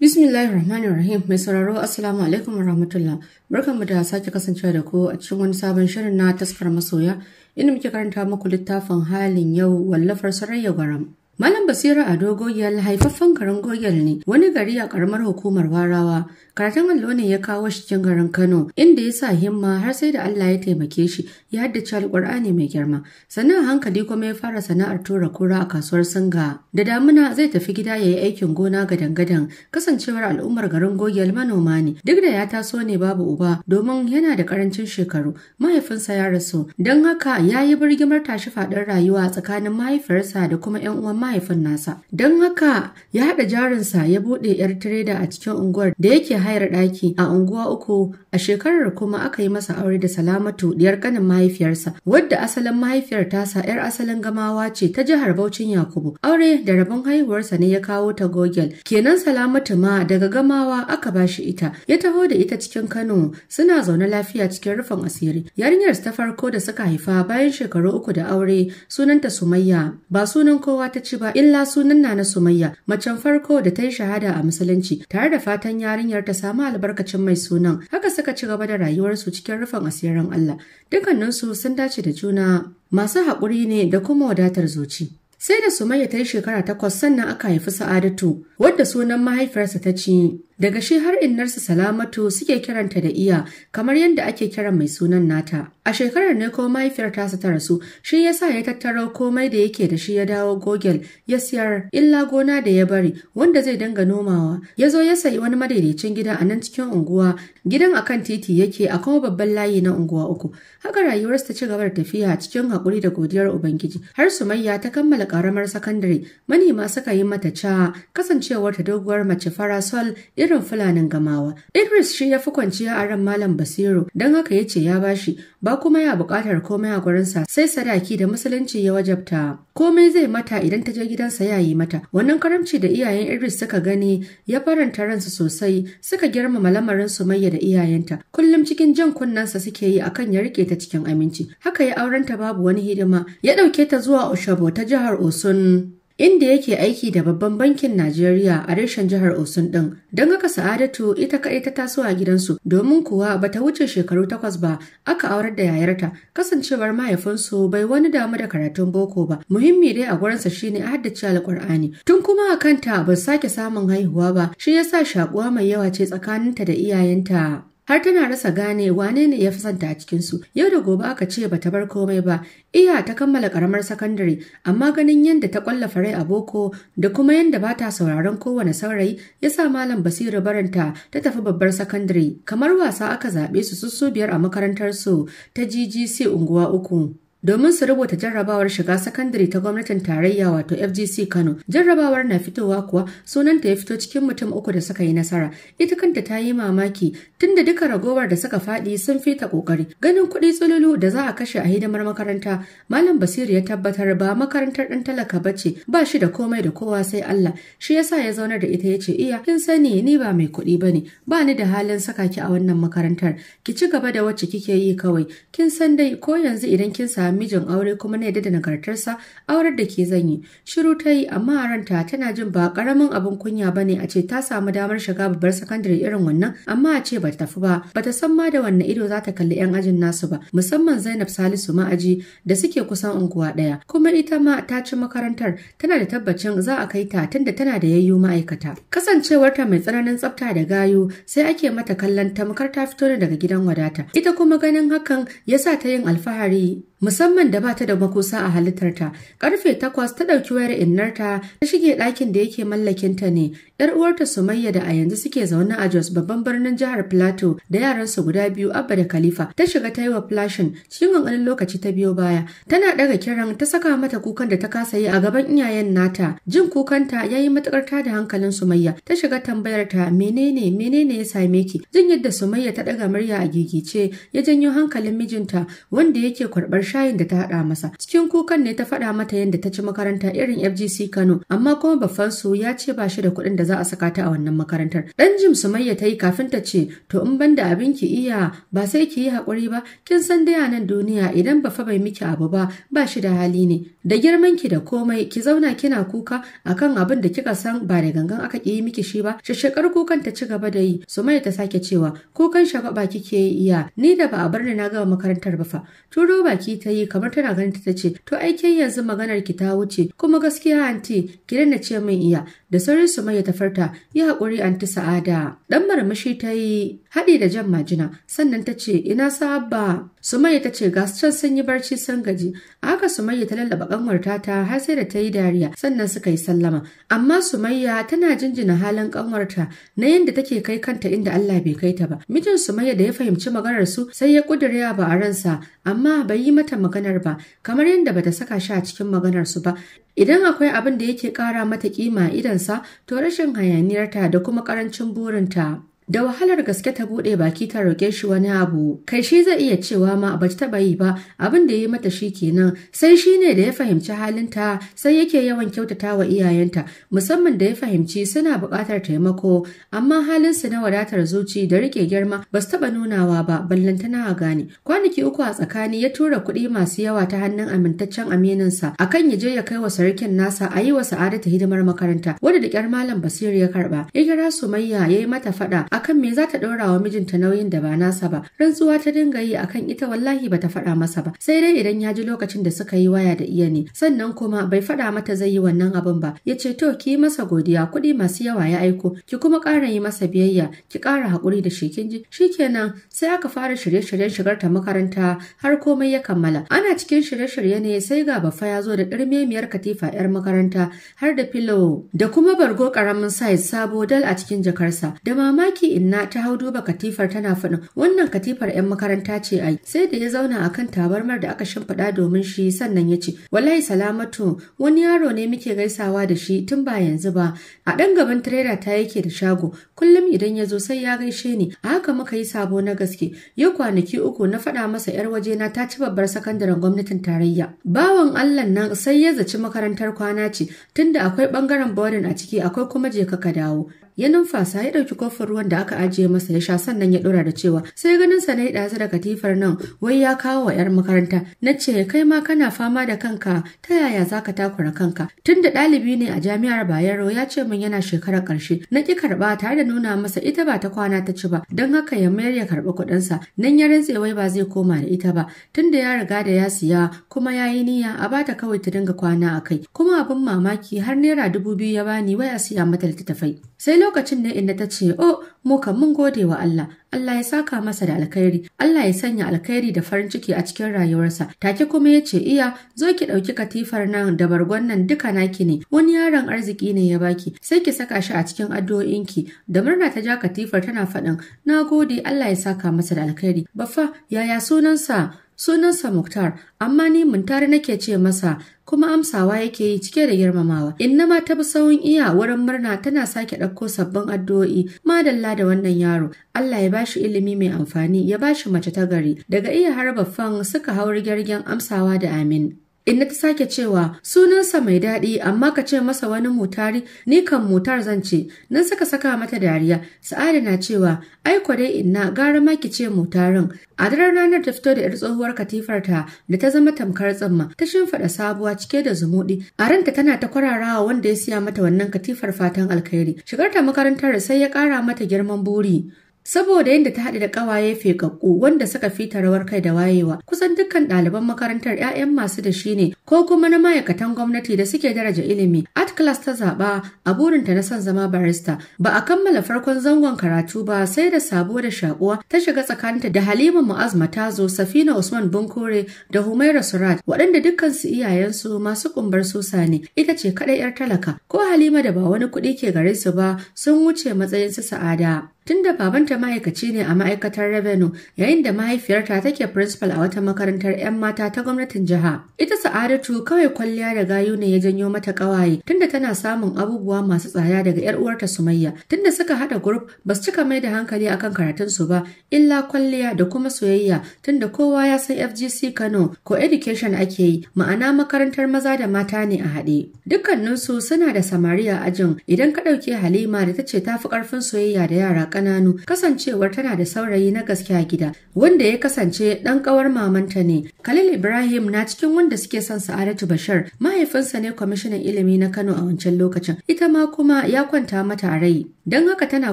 Bismillahir mai sauraro Assalamu alaikum wa rahmatullah. Barkanmu da sake kasancewa da ku a cikin wani sabon shirin na taskar masoya inda muke karanta muku littafin halin yau wallafar Sarayya garam. Malam Basira Ado Goyal haifaffen garin Goyal ne wani gari a karamar hukumar Warawa. Karatun allo ne ya kawo shi cikin garin Kano inda ya sa himma har sai da Allah ya taimake shi ya haddace Alƙur'ani mai girma. Sannan hankali kuma ya fara sana'ar tura kura a kasuwar Singa. Da damuna zai tafi gida ya yi aikin gona gadan-gadan kasancewar al'ummar garin Goyal manoma ne. Duk da ya taso ne babu uba domin yana da karancin shekaru mahaifinsa ya rasu don haka ya yi birgimar tashi faɗin rayuwa tsakanin mahaifiyarsa da kuma 'yan uwan mahaifin nasa. Don haka ya haɗa jarinsa ya buɗe 'yar tireda a cikin unguwar da yake hayar ɗaki a unguwa uku a shekarar kuma aka yi masa aure da salamatu ɗiyar ƙanin mahaifiyarsa wadda asalin mahaifiyar tasa 'yar asalin gamawa ce ta jihar Bauchin Yakubu. Aure da rabon haihuwarsa ne ya kawo ta Gogel. Kenan salamatu ma daga gamawa aka ba shi ita. Ya taho da ita cikin Kano suna zaune lafiya cikin rufin asiri. Yarinyar ta farko da suka haifa bayan shekaru uku da aure sunanta Sumayya ba sunan kowa ta ce shi ba illa sunan Nana Sumayya, macen farko da ta yi shahada a musulunci, tare da fatan yarinyar ta samu albarkacin mai sunan. Haka suka ci gaba da rayuwarsu cikin rufin asirin Allah. Dukkaninsu sun dace da juna masu haƙuri ne da kuma wadatar zuci. Sai da Sumayya ta yi shekara takwas sannan aka haifi Sa'adatu, wadda sunan mahaifiyarsa ta ci. Daga shi har innarsa Salamatu suke kiranta da iya kamar yadda ake kiran mai sunan nata. A shekarar ne ko mahaifiyar tasa ta rasu, shi ya sa ya tattaro komai da yake da shi ya dawo Gogel ya siyar illa gona da ya bari wanda zai danga nomawa. Ya zo ya sayi wani madaidaicin gida a nan cikin unguwa, gidan a kan titi yake a kuma babban layi na unguwa uku. Haka rayuwarsa ta ci gaba da tafiya cikin haƙuri da godiyar Ubangiji. Har Sumayya ta kammala ƙaramar sakandare, manema suka yi mata ca kasancewar ta doguwar mace farasol irin fulanin gamawa. Idris shi ya fi kwanciya a ran Malam Basiru don haka ya ce ya bashi ba kuma ya buƙatar komai a gurinsa sai sadaki da musulunci ya wajabta. Komai zai mata idan ta je gidansa ya yi mata. Wannan karamci da iyayen Idris suka gani ya faranta ransu sosai suka girmama lamarin Sumayya da iyayenta. Kullum cikin jan kunnensa suke yi akan ya rike ta cikin aminci. Haka ya aurenta babu wani hidima ya ɗauke ta zuwa Oshabo ta jihar Osun inda yake aiki da babban bankin Najeriya a reshen jihar Osun ɗin. Don haka Sa'adatu ita kaɗai ta taso a gidansu domin kuwa ba ta wuce shekaru takwas ba aka aurar da yayarta kasancewar mahaifinsu bai wani damu da karatun boko ba. Muhimmi dai a gurinsa shine a haddace alƙur'ani. Tun kuma a kanta ba sake samun haihuwa ba shi yasa shakuwa mai yawa ce tsakaninta da iyayenta. har tana rasa gane wane ne ya fi santa a cikinsu yau da gobe aka ce bata bar komai ba iya ta kammala karamar sakandare amma ganin yadda ta kwallafa rai a boko da kuma yadda ba ta sauraron kowane saurayi ya sa malam basiru baranta ta tafi babbar sakandare kamar wasa aka zaɓe su sussu biyar a makarantar su ta ggc unguwa uku domin su rubuta jarrabawar shiga sakandare ta gwamnatin tarayya wato FGC Kano. Jarrabawar na fitowa kuwa sunanta ya fito cikin mutum uku da suka yi nasara. Ita kanta ta yi mamaki tunda duka ragowar da suka faɗi sun fita kokari. Ganin kuɗi tsululu da za a kashe a hidimar makaranta, Malam Basiru ya tabbatar ba makarantar ɗan talaka ba ce, ba shi da komai da kowa sai Allah. Shi yasa ya zaunar da ita ya ce, "Iya, kin sani ni ba mai kuɗi ba ne, ba ni da halin saka ki a wannan makarantar. Ki ci gaba da wacce kike yi kawai. Kin san dai ko yanzu idan kin sami mijin aure kuma na yadda da nagartarsa aurar da ke zan yi shiru ta yi amma a ranta tana jin ba karamin abin kunya bane a ce ta samu damar shiga babbar sakandare irin wannan amma a ce ba ta tafi ba bata san ma da wanne ido za ta kalli yan ajin nasu ba musamman Zainab Salisu ma'aji da suke kusan unguwa ɗaya. kuma ita ma ta ci makarantar tana da tabbacin za a kai ta tunda tana da yayyu ma'aikata kasancewarta mai tsananin tsafta da gayu sai ake mata kallon tamkar ta fito ne daga gidan wadata ita kuma ganin hakan ya sa ta yin alfahari musamman da bata da makusa a halittarta karfe takwas ta ɗauki wayar innarta ta shige ɗakin da yake mallakinta ne yar uwarta sumayya da a yanzu suke zaune a jos babban birnin jihar plateau da yaransu guda biyu abba da khalifa ta shiga ta yi wa flashin cikin wani lokaci ta biyo baya tana ɗaga kiran ta saka mata kukan da ta kasa yi a gaban iyayen nata jin kukanta ya yi matuƙar da hankalin sumayya ta shiga tambayar ta menene menene ya same ki jin yadda sumayya ta ɗaga murya a gigice ya janyo hankalin mijinta wanda yake karɓar shayin da ta haɗa masa cikin kukan ne ta faɗa mata yadda ta ci makaranta irin FGC Kano amma kuma babban su ya ce ba shi da kuɗin da za a saka ta a wannan makarantar dan Jim Sumayya ta yi kafin ta ce to in banda abin ki iya ba sai ki yi haƙuri ba kin san da nan duniya idan ba fa bai miki abu ba ba shi da hali ne da girman ki da komai ki zauna kina kuka akan abin da kika san ba da gangan aka ki yi miki shi ba shashshakar kukan ta ci gaba da yi Sumayya ta sake cewa kukan shagaba kike iya ni da ba a bar ni na gama makarantar ba fa turo baki ta yi kamar tana ganin ta ce to aikin yanzu maganar ki ta wuce kuma gaskiya anti ki na ce min iya da sauran Sumayya ta farta 'Yi haƙuri anti Sa'ada. Dan marmashi ta yi haɗi da jan majina sannan ta ce ina sabba. Sumayya ta ce gasu sun yi barci sun gaji. Aka Sumayya ta lallaba ƙanwarta ta har sai da ta yi dariya sannan suka yi sallama. Amma Sumayya tana jinjina halin ƙanwarta na yadda take kai kanta inda Allah bai kai ta ba. Mijin Sumayya da ya fahimci maganar su sai ya ƙudure ba a ransa amma bai yi mata maganar ba kamar yadda bata saka shi a cikin maganar su ba. Idan akwai abin da yake ƙara mata kima idansa, to rashin hayaniyarta da kuma ƙarancin burinta. Da wahalar gaske ta bude baki ta roƙe shi wani abu, kai shi zai iya cewa ma ba ta taɓa yi ba abin da ya yi mata shi kenan sai shi ne da ya fahimci halinta sai yake yawan kyautata wa iyayenta musamman da ya fahimci suna buƙatar taimako amma halinsu na wadatar zuci da riƙe girma ba su taɓa nunawa ba ballantana a gane. Kwanaki uku a tsakani ya tura kuɗi masu yawa ta hannun amintaccen amininsa akan ya je ya kai wa sarkin nasa a yi wa sa'adata hidimar makaranta wanda da ƙyar malam Basiru ya karɓa ya kira Sumayya ya yi mata faɗa akan me za ta ɗora wa mijinta nauyin da ba nasa ba rantsuwa ta dinga yi akan ita wallahi bata faɗa masa ba sai dai idan ya ji lokacin da suka yi waya da iya ne sannan kuma bai faɗa mata zai yi wannan abin ba ya ce to ki masa godiya kuɗi masu yawa ya aiko ki kuma ƙara yi masa biyayya ki ƙara haƙuri da shi kin ji shikenan sai aka fara shirye-shiryen shigar ta makaranta har komai ya kammala ana cikin shirye-shirye ne sai ga bafa ya zo da ɗirmemiyar katifa 'yar makaranta har da filo da kuma bargo ƙaramin size sabo dal a cikin jakarsa da mamaki mamaki inna ta hau duba katifar tana faɗin wannan katifar 'yan makaranta ce ai sai da ya zauna akan tabarmar da aka shimfiɗa domin shi sannan ya ce wallahi salamatu wani yaro ne muke gaisawa da shi tun ba yanzu ba a ɗan gaban tireda ta yake da shago kullum idan ya zo sai ya gaishe ni a haka muka yi sabo na gaske Ya kwanaki uku na faɗa masa 'yar wajena ta ci babbar sakandaren gwamnatin tarayya bawan allan nan sai ya zaci makarantar kwana ce tunda akwai ɓangaren boarding a ciki akwai kuma je ka dawo ya numfasa ya ɗauki kofar ruwan da aka ajiye masa ya sha sannan ya ɗora da cewa sai ganin sa na yi ɗazu da katifar nan wai ya kawo wa 'yar makaranta na ce kai ma kana fama da kanka ta yaya za ka takura kanka tun da ɗalibi ne a jami'ar bayero ya ce min yana shekarar karshe na ki karɓa tare da nuna masa ita ba ta kwana ta ci ba don haka ya mayar ya karɓi kuɗinsa nan ya rantse wai ba zai koma da ita ba tun da ya riga da ya siya kuma ya yi niyya a bata kawai ta dinga kwana a kai kuma abin mamaki har naira dubu biyu ya bani wai a siya mata littattafai Sai lokacin ne inda ta ce, "O, oh, mu kan mun gode wa Allah, Allah ya saka masa da alkhairi, Allah ya sanya alkhairi da farin ciki a cikin rayuwarsa." Take kuma ya ce, "Iya, zo ki ɗauki katifar nan da bargon nan duka naki ne, wani yaron arziki ne ya baki, sai ki saka shi a cikin addu'o'inki." Da murna ta ja katifar tana faɗin, "Na gode, Allah ya saka masa da alkhairi." Baffa, yaya sunansa? sunansa Muktar, amma ni muntare nake ce masa kuma amsawa yake yi cike da girmamawa. Inna ma ta bi sauyin iya wurin murna tana sake ɗauko sabbin addu'o'i madalla da wannan yaro. Allah ya bashi ilimi mai amfani ya bashi mace ta gari. Daga iya harba fan suka hauri rigirgen amsawa da amin. Inna ta sake cewa sunansa mai daɗi amma ka ce masa wani mutari ni kan mutar zan ce nan saka saka mata dariya sa'ada na cewa "Ai aiko dai inna gara ma ki ce mutarin a daren ranar ta fito da yar tsohuwar katifar ta da ta zama tamkar tsamma ta shimfada sabuwa cike da zumudi. a ranta tana ta kwararawa wanda ya siya mata wannan katifar fatan alkhairi shigar ta makarantar sai ya kara mata girman buri saboda yadda ta haɗu da ƙawaye fekakku wanda suka fita rawar kai da wayewa kusan dukkan ɗaliban makarantar 'ya'yan masu da shi ne ko kuma na ma'aikatan gwamnati da suke daraja ilimi art class ta zaɓa a burinta na son zama barista ba a kammala farkon zangon karatu ba sai da sabo da shakuwa ta shiga tsakaninta da halima mu'az matazo safina usman bunkure da humaira surat waɗanda dukkan su iyayensu masu ƙumbar susa ne ita ce kaɗai 'yar talaka ko halima da ba wani kuɗi ke gare su ba sun wuce matsayin su sa'ada Tunda babanta ma'aikaci ne a ma'aikatar Revenue, yayin da mahaifiyarta take principal a wata makarantar 'yan mata ta gwamnatin jiha. Ita Sa'adatu kawai kwalliya da gayu ne ya janyo mata kawaye, tunda tana samun abubuwa masu tsada daga 'yar uwarta Sumayya. Tunda suka haɗa group, ba su cika mai da hankali akan karatun su ba, illa kwalliya da kuma soyayya, tunda kowa ya san FGC Kano ko education ake yi, ma'ana makarantar maza da mata ne a haɗe. Dukkaninsu suna da samariya a ajin, idan ka ɗauke Halima da ta ce ta fi ƙarfin soyayya da yara ƙananu kasancewar tana da saurayi na gaske a gida wanda ya kasance ɗan ƙawar mamanta ne. Khalil Ibrahim na cikin wanda suke son Sa'adatu bashar mahaifinsa ne kwamishinan ilimi na Kano a wancan lokacin ita ma kuma ya kwanta mata a rai. Don haka tana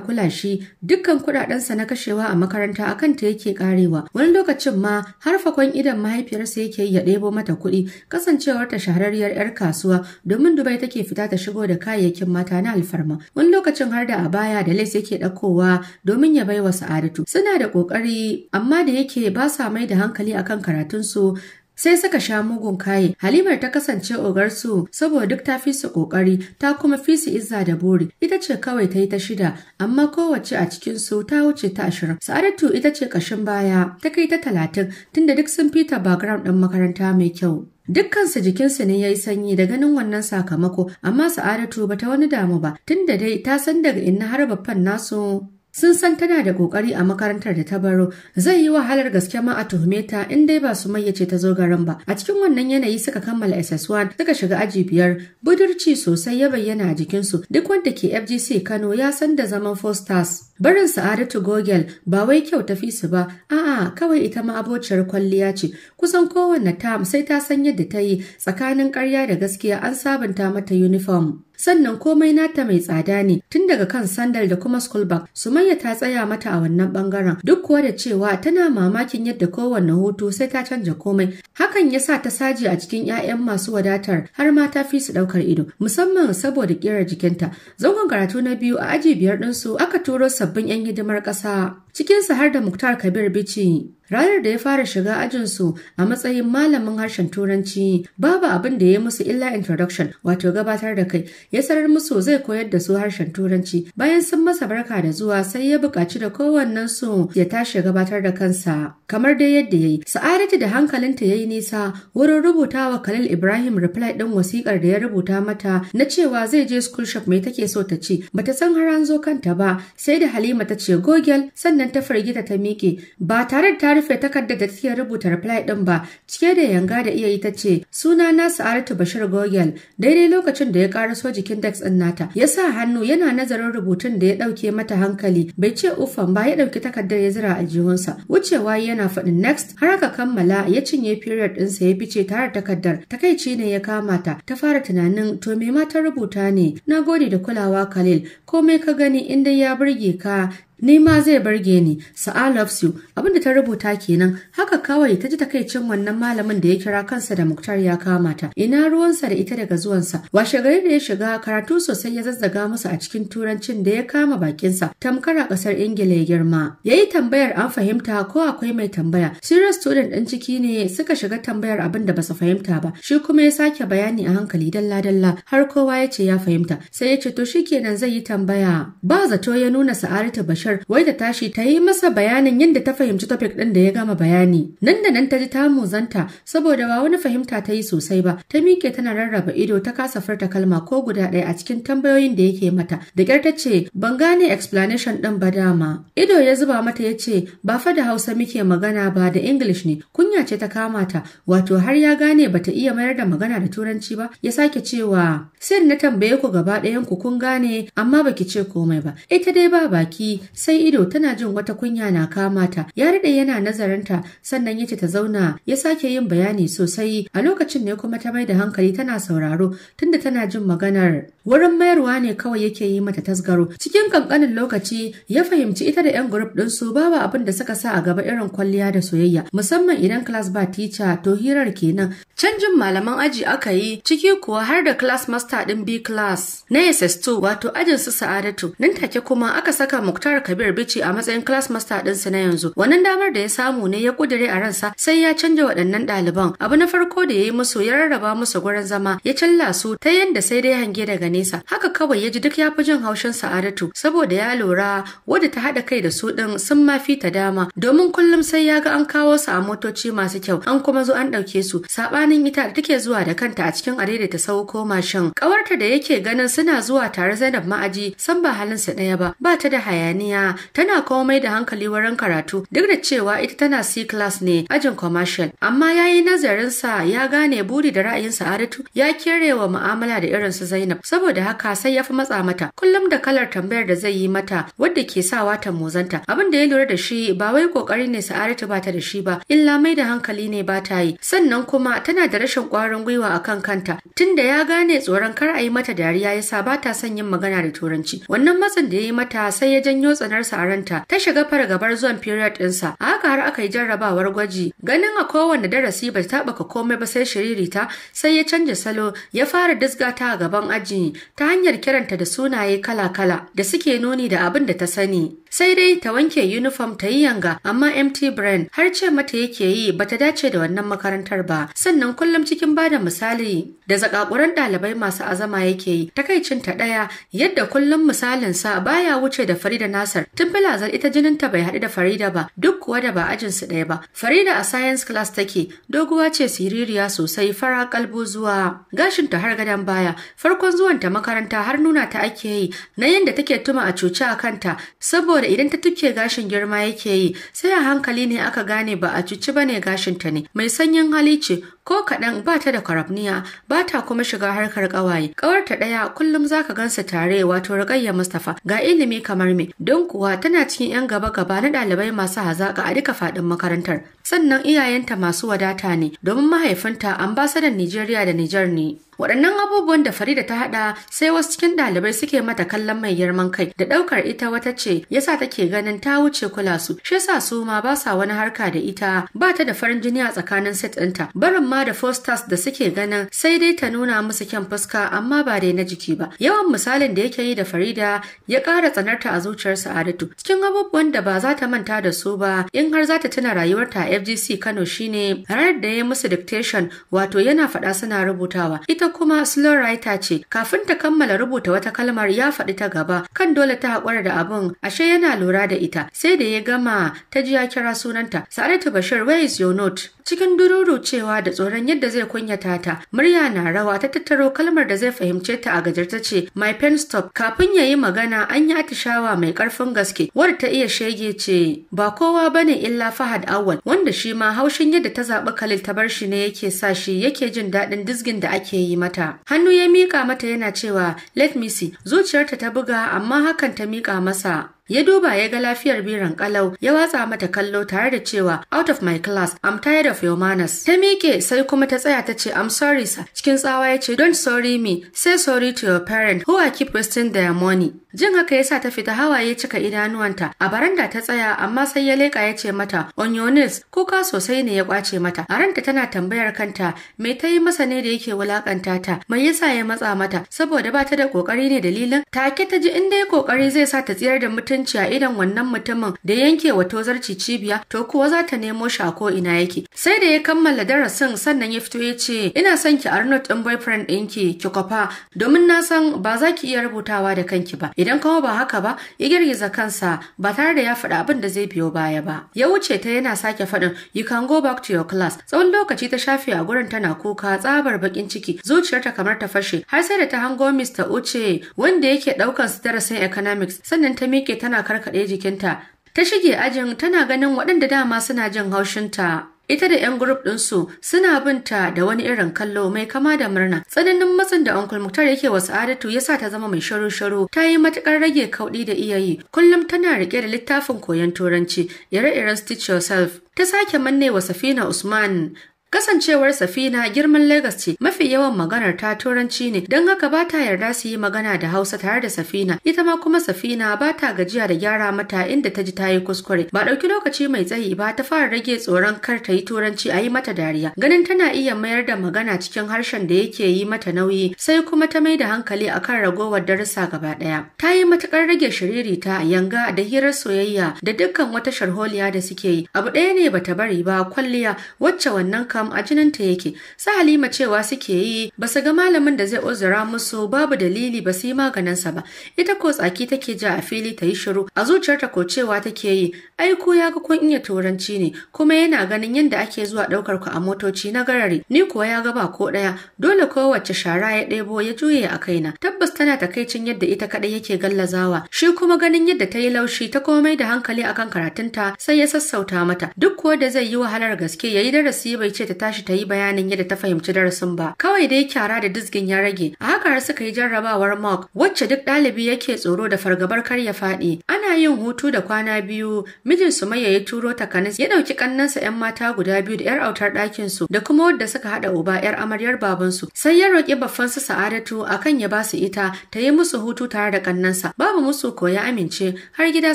kula shi dukkan kuɗaɗensa na kashewa a makaranta akan ta yake karewa wani lokacin ma har fakon idan mahaifiyarsa yake ya ɗebo mata kuɗi kasancewar ta shahararriyar 'yar kasuwa domin Dubai take fita ta shigo da kayayyakin mata na alfarma wani lokacin har da a baya da lace yake ɗaukowa domin ya baiwa sa'adatu suna da ƙoƙari amma da yake ba sa mai da hankali akan karatunsu sai suka sha mugun kaye halimar ta kasance ogarsu saboda duk ta fi su kokari ta kuma fi su izza da buri ita ce kawai ta yi ta shida amma kowace a cikin su ta wuce ta ashirin sa'adatu ita ce kashin baya ta kai ta talatin tunda duk sun fita background ɗin makaranta mai kyau Dukkansu jikinsu ne ya yi sanyi da ganin wannan sakamako, amma Sa'adatu ba ta wani damu ba, tunda dai ta san daga inna har babban nasu sun san tana da kokari a makarantar da ta baro zai yi wahalar gaske ma a tuhume ta in dai ba su mayyace ta zo garin ba a cikin wannan yanayi suka kammala SS1 suka shiga aji biyar budurci sosai ya bayyana a jikinsu duk wanda ke FGC Kano ya san da zaman Four Stars Barin Sa'adatu Gogel ba wai kyau tafi su ba, a'a kawai ita ma abociyar kwalliya ce, kusan kowanne tam sai ta san yadda ta yi tsakanin ƙarya da gaskiya an sabunta mata uniform. sannan komai nata mai tsada ne tun daga kan sandal da kuma su sumayya ta tsaya mata a wannan bangaren duk kuwa da cewa tana mamakin yadda kowanne hutu sai ta canja komai hakan ya sa ta saji a cikin 'ya'yan masu wadatar har ma ta fi su ɗaukar ido musamman saboda kirar jikinta zangon karatu na biyu a aji biyar ɗinsu aka turo sab sabbin 'yan hidimar ƙasa cikinsu har da Muktar Kabir Bici. Ranar da ya fara shiga ajinsu a matsayin malamin harshen Turanci, babu abin da ya musu illa introduction, wato gabatar da kai, ya sanar musu zai koyar da su harshen Turanci. Bayan sun masa barka da zuwa sai ya buƙaci da kowannen su ya tashi gabatar da kansa, kamar dai yadda ya yi. Sa'adatu da hankalinta ya yi nisa wurin rubuta wa Khalil Ibrahim reply ɗin wasikar da ya rubuta mata na cewa zai je school shop mai take so ta ce, bata san har an zo kanta ba, sai da Halima ta ce Gogel sannan nan ta firgita ta miƙe ba tare da ta rufe takardar da take rubuta reply ɗin ba cike da yanga da iya yi ta ce suna na Sa'aratu Bashir Gogel daidai lokacin da ya so jikin Dex ɗin nata ya sa hannu yana nazarin rubutun da ya ɗauke mata hankali bai ce ufan ba ya ɗauki takardar ya zira aljihunsa wucewa yana faɗin next har aka kammala ya cinye period ɗinsa ya fice tare da takardar takaici ne ya kama ta ta fara tunanin to me ma ta rubuta ne na gode da kulawa Khalil komai ka gani in dai ya burge ka ni ma zai barge ni sa'a love you abinda ta rubuta kenan haka kawai ta ji cin wannan malamin da ya kira kansa da muktar ya kama ta ina ruwansa da ita daga zuwan sa washe gari da ya shiga karatu sosai ya zazzaga musu a cikin turancin da ya kama bakinsa tamkar a kasar ingila ya girma yayi tambayar an fahimta ko akwai mai tambaya serious student din ciki ne suka shiga tambayar abin da su fahimta ba shi kuma ya sake bayani a hankali dalla-dalla har kowa ya ce ya fahimta sai ya ce to shikenan zai yi tambaya ba zato ya nuna sa'aratu bashir matar wai da tashi ta yi masa bayanin yadda ta fahimci topic ɗin da ya gama bayani. Nan da nan ta ji ta muzanta saboda ba wani fahimta ta yi sosai ba. Ta miƙe tana rarraba ido ta kasa furta kalma ko guda ɗaya a cikin tambayoyin da yake mata. Da ƙyar ta ce ban gane explanation ɗin ba dama. Ido ya zuba mata ya ce ba fa da Hausa muke magana ba da English ne. Kunya ce ta kama ta wato har ya gane bata iya mayar da magana da Turanci ba ya sake cewa sai na tambaye ku gaba ɗayan ku kun gane amma baki ce komai ba. Ita dai ba baki sai ido tana jin wata kunya na kama ta ya daɗe yana nazarinta sannan yace ta zauna ya sake yin bayani sosai a lokacin ne kuma ta mai da hankali tana sauraro tunda tana jin maganar wurin mayarwa ne kawai yake yi mata tasgaro cikin kankanin lokaci ya fahimci ita da yan group din su babu abin da suka sa a gaba irin kwalliya da soyayya musamman idan class ba teacher to hirar kenan canjin malaman aji aka yi ciki kuwa har da class master din B class na SS2 wato ajin su Sa'adatu nan take kuma aka saka Muktar Kabir Bichi a matsayin class master ɗinsa na yanzu. Wannan damar da ya samu ne ya kudure a ransa sai ya canja waɗannan ɗaliban. Abu na farko da ya yi musu ya rarraba musu gurin zama ya cilla su ta yadda sai dai hange daga nesa. Haka kawai ya ji duk ya fi jin haushin Sa'adatu saboda ya lura wadda ta haɗa kai da su ɗin sun ma fi ta dama domin kullum sai ya ga an kawo su a motoci masu kyau an kuma zo an ɗauke su saɓanin ita da take zuwa da kanta a cikin ta sauko mashin. Ƙawarta da yake ganin suna zuwa tare Zainab ma'aji san ba halinsa ɗaya ba ba ta da hayaniya tana komai da hankali wurin karatu duk da cewa ita tana C class ne ajin commercial amma yayi nazarin sa ya gane buri da ra'ayin Sa'adatu ya kirewa mu'amala da irin su Zainab saboda haka sai ya fi matsa mata kullum da kalar tambayar da zai yi mata wadda ke sawa ta muzanta abin da ya lura da shi ba wai kokari ne Sa'adatu ba ta da shi ba illa mai da hankali ne ba ta yi sannan kuma tana da rashin kwarin gwiwa akan kanta tunda ya gane tsoron kar a yi mata dariya yasa ba ta son yin magana da turanci wannan matsin da ya yi mata sai ya janyo tsanar saranta ta shiga fargabar zuwan period ɗinsa a haka har aka yi jarrabawar gwaji ganin a kowane darasi ba ta baka komai ba sai shiririta sai ya canja salo ya fara disga a gaban aji ta hanyar kiranta da sunaye kala-kala da suke nuni da abin da ta sani sai dai ta wanke uniform ta yi yanga amma MT Brand har ce mata yake yi bata dace da wannan makarantar ba sannan kullum cikin bada misali da zakakuran ɗalibai masu azama yake yi takaicin ta ɗaya yadda kullum misalin sa baya wuce da Farida Nasar tun filazar ita jinin ta bai haɗu da Farida ba duk kuwa da ba ajin su ɗaya ba Farida a science class take doguwa ce siririya sosai fara kalbo zuwa gashin ta har gadan baya farkon zuwan ta makaranta har nuna ta ake yi na yadda take tuma a cuci a kanta saboda saboda idan ta tuke gashin girma yake yi sai a hankali ne aka gane ba a cuci ba ne gashinta ne mai sanyin hali ce ko kaɗan ba ta da kwarafniya ba ta kuma shiga harkar ƙawaye ƙawarta ɗaya kullum za ka gansa tare wato rakayya mustapha ga ilimi kamar me don kuwa tana cikin 'yan gaba-gaba na ɗalibai masu hazaƙa a duka faɗin makarantar sannan iyayenta masu wadata ne domin mahaifinta ambasadan Nijeriya da Nijar ne. waɗannan abubuwan da farida ta haɗa sai wasu cikin ɗalibai suke mata kallon mai girman kai da ɗaukar ita wata ce yasa take ganin ta wuce kula su shi yasa su ma ba sa wani harka da ita ba ta da farin jini a tsakanin set ɗinta barin ma da fosters da suke ganin sai dai ta nuna musu kyan fuska amma ba dai na jiki ba yawan misalin da yake yi da farida ya ƙara tsanarta a zuciyar sa'adatu cikin abubuwan da ba za ta manta da su ba in har za ta tuna rayuwarta a FGC Kano shine ranar da ya yi musu dictation wato yana faɗa suna rubutawa ita kuma slow writer ce kafin ta kammala rubuta wata kalmar ya faɗi ta gaba kan dole ta haƙura da abin ashe yana lura da ita sai da ya gama ta ji ya kira sunanta Sa'adatu Bashir where is your note cikin dururu cewa da tsoron yadda zai kunyata ta murya na rawa ta tattaro kalmar da zai fahimce ta a gajarta ce my pen stop kafin ya yi magana an yi atishawa mai ƙarfin gaske wadda ta iya shege ce ba kowa ba ne illa Fahad Awal wanda shi ma haushin yadda ta zaɓi Khalil ta bar shi ne yake sa shi yake jin daɗin dizgin da ake yi mata hannu ya miƙa mata yana cewa let me see zuciyarta ta buga amma hakan ta miƙa masa ya duba ya ga lafiyar biran kalau ya watsa mata kallo tare da cewa out of my class i'm tired of your manners ta miƙe sai kuma ta tsaya ta ce i'm sorry sir cikin tsawa ya ce don't sorry me say sorry to your parent who are keep wasting their money jin haka yasa ta fita hawaye cika idanuwanta a baranda ta tsaya amma sai ya leƙa ya ce mata on your knees kuka sosai ne ya kwace mata a ranta tana tambayar kanta me ta yi masa ne da yake wulakanta ta mai yasa ya matsa mata saboda ba ta da kokari ne dalilin take ta ji inda ya kokari zai sa ta tsiyar da mutum mutunci a idan wannan mutumin da yanke wa tozarci cibiya to kuwa za ta nemo shi a ko ina yake sai da ya kammala darasin sannan ya fito ya ce ina son ki Arnold ɗin boyfriend ɗinki ki kwafa domin na san ba za ki iya rubutawa da kanki ba idan kuma ba haka ba ya girgiza kansa ba tare da ya faɗi abin da zai biyo baya ba ya wuce ta yana sake faɗin you can go back to your class tsawon lokaci ta shafe a gurin tana kuka tsabar bakin ciki zuciyarta kamar ta fashe har sai da ta hango Mr. Uche wanda yake ɗaukan su darasin economics sannan ta miƙe tana karkaɗe jikinta ta shige ajin tana ganin waɗanda dama suna jin haushinta ita da 'yan grup ɗinsu suna binta da wani irin kallo mai kama da murna tsananin matsin da onkul muktar yake wa sa'adatu ya sa ta zama mai sharu-sharu ta yi matuƙar rage kauɗi da iyayi kullum tana riƙe da littafin koyon turanci ire-iren stitch yourself ta sake manne wa safina usman Kasancewar Safina girman Legas ce mafi yawan maganar ta turanci ne don haka ba ta yarda su yi magana da Hausa tare da Safina ita ma kuma Safina ba ta gajiya da gyara mata inda ta ji ta yi kuskure ba ɗauki lokaci mai tsayi ba ta fara rage tsoron kar ta yi turanci a yi mata dariya ganin tana iya mayar da magana cikin harshen da yake yi mata nauyi sai kuma ta mai da hankali akan ragowar darussa gaba ɗaya ta yi matukar rage shiririta yanga da hirar soyayya da dukkan wata sharholiya da suke yi abu ɗaya ne bata bari ba kwalliya wacce wannan ka kam a jininta yake sa halima cewa suke yi ba su ga malamin da zai uzura musu babu dalili ba su yi sa ba ita ko tsaki take ji a fili ta yi shiru a zuciyarta ko cewa take yi aiko ya ga kun iya turanci ne kuma yana ganin yadda ake zuwa ɗaukar ku a motoci na garari ni kuwa ya ga ba ko ɗaya dole kowace shara ya ɗebo ya juye a kaina tabbas tana ta takaicin yadda ita kadai yake gallazawa shi kuma ganin yadda ta yi laushi ta komai da hankali akan karatunta sai ya sassauta mata duk kuwa da zai yi wahalar gaske ya yi darasi bai ce ta tashi ta yi bayanin yadda ta fahimci darasin ba kawai dai kyara da dizgin ya rage a haka har suka yi jarrabawar mock wacce duk ɗalibi yake tsoro da fargabar kar ya faɗi ana yin hutu da kwana biyu mijin mai ya turo takanas ya ɗauki ƙannansa 'yan mata guda biyu da 'yar autar ɗakin su da kuma wadda suka haɗa uba 'yar amaryar babansu sai ya roƙi su sa'adatu akan ya ba su ita ta yi musu hutu tare da ƙannansa babu musu ko ya amince har gida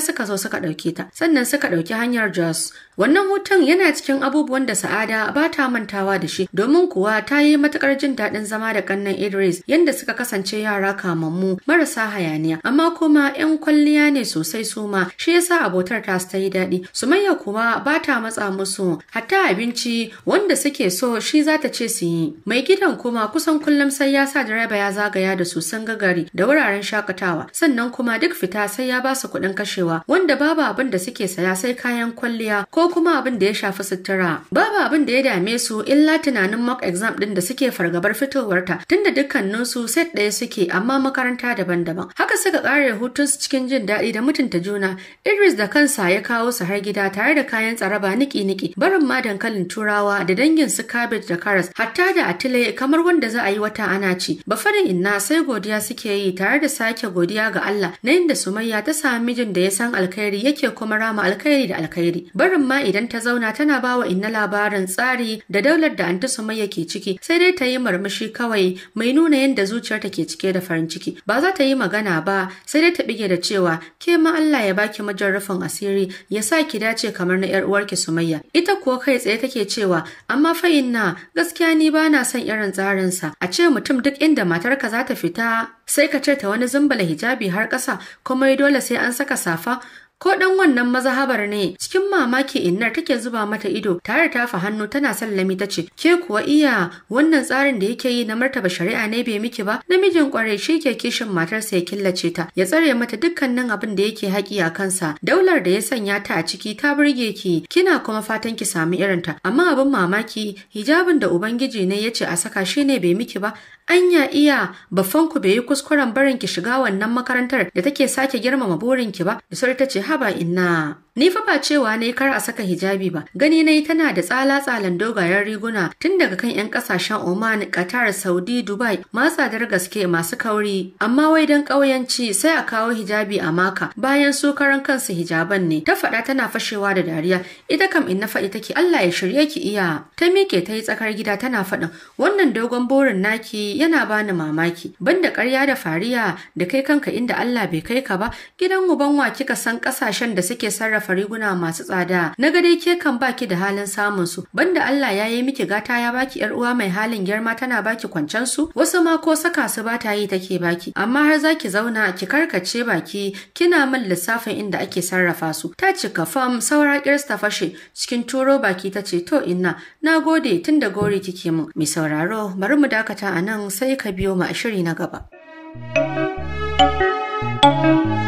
suka zo suka ɗauke ta sannan suka ɗauki hanyar jos Wannan wutan yana cikin abubuwan da Sa'ada ba ta mantawa da shi domin kuwa ta yi matukar jin daɗin zama da kannan Idris yadda suka kasance yara kamammu marasa hayaniya amma kuma 'yan kwalliya ne sosai suma ma shi yasa abotar ta ta yi daɗi. Sumayya kuma ba ta matsa musu hatta abinci wanda suke so shi za ta ce su yi. Mai gidan kuma kusan kullum sai ya sa direba ya zagaya da su sun gagari da wuraren shakatawa sannan kuma duk fita sai ya ba su kuɗin kashewa wanda babu abin da suke saya sai kayan kwalliya ko kuma abin da ya shafi sutura. Babu abin da ya dame su illa tunanin mock exam din da suke fargabar fitowarta tunda su set ɗaya suke amma makaranta daban-daban. Haka suka ƙare hutunsu cikin jin daɗi da mutunta juna. Idris da kansa ya kawo su har gida tare da kayan tsaraba niki-niki barin ma dankalin turawa da dangin su cabbage da karas hatta da atile kamar wanda za a yi wata ana ci. Bafarin inna sai godiya suke yi tare da sake godiya ga Allah na yadda Sumayya ta sami mijin da ya san alkhairi yake kuma rama alkhairi da alkhairi. Barin ma idan ta zauna tana bawa inna labarin tsari da daular da anti sumayya ke ciki sai dai ta yi marmashi kawai mai nuna yadda zuciyarta ke cike da farin ciki ba za ta yi magana ba sai dai ta bige da cewa ke ma Allah ya baki majarrafin asiri ya sa ki dace kamar na yar uwarki sumayya ita kuwa kai tsaye take cewa amma fa inna gaskiya ni ba na son irin tsarin sa a ce mutum duk inda matarka za ta fita sai ka ce ta wani zumbala hijabi har ƙasa kuma dole sai an saka safa ko ɗan wannan mazahabar ne cikin mamaki innar take zuba mata ido tare ta fa hannu tana sallami ta ce ke kuwa iya wannan tsarin da yake yi na martaba shari'a ne bai miki ba namijin kwarai shi ke kishin matarsa ya killace ta ya tsare mata dukkanin abin da yake haƙi a kansa daular da ya sanya ta a ciki ta burge ki kina kuma fatan ki samu irin ta. amma abin mamaki hijabin da ubangiji ne ya ce a saka shi ne bai miki ba anya iya baffanku bai yi kuskuren barin ki shiga wannan makarantar da take sake girmama burinki ba da ta ce 하바 있나 Ni fa ba cewa ne kar a saka hijabi ba. Gani nayi tana da tsala tsalan dogayen riguna tun daga kan 'yan kasashen Oman, Qatar, Saudi, Dubai, matsadar gaske masu kauri. Amma wai dan ƙauyanci sai a kawo hijabi a maka bayan su karan kansu hijaban ne. Ta faɗa tana fashewa da dariya. Ita kam in na faɗi take Allah ya shirye ki iya. Ta miƙe ta yi tsakar gida tana faɗin wannan dogon borin naki yana bani mamaki. Banda ƙarya da fariya da kai kanka inda Allah bai kai ka ba gidan uban wa kika san ƙasashen da suke sarrafa sarrafa riguna masu tsada na ga dai ke kan baki da halin samun su banda Allah ya yi miki gata ya baki yar uwa mai halin girma tana baki kwancen su wasu ma ko saka su ba ta yi take baki amma har zaki zauna ki karkace baki kina min lissafin inda ake sarrafa su ta cika fam saura ta fashe cikin turo baki ta ce to inna na gode tun da gori kike min mai sauraro bari mu dakata a nan sai ka biyo mu a shiri na gaba. thank you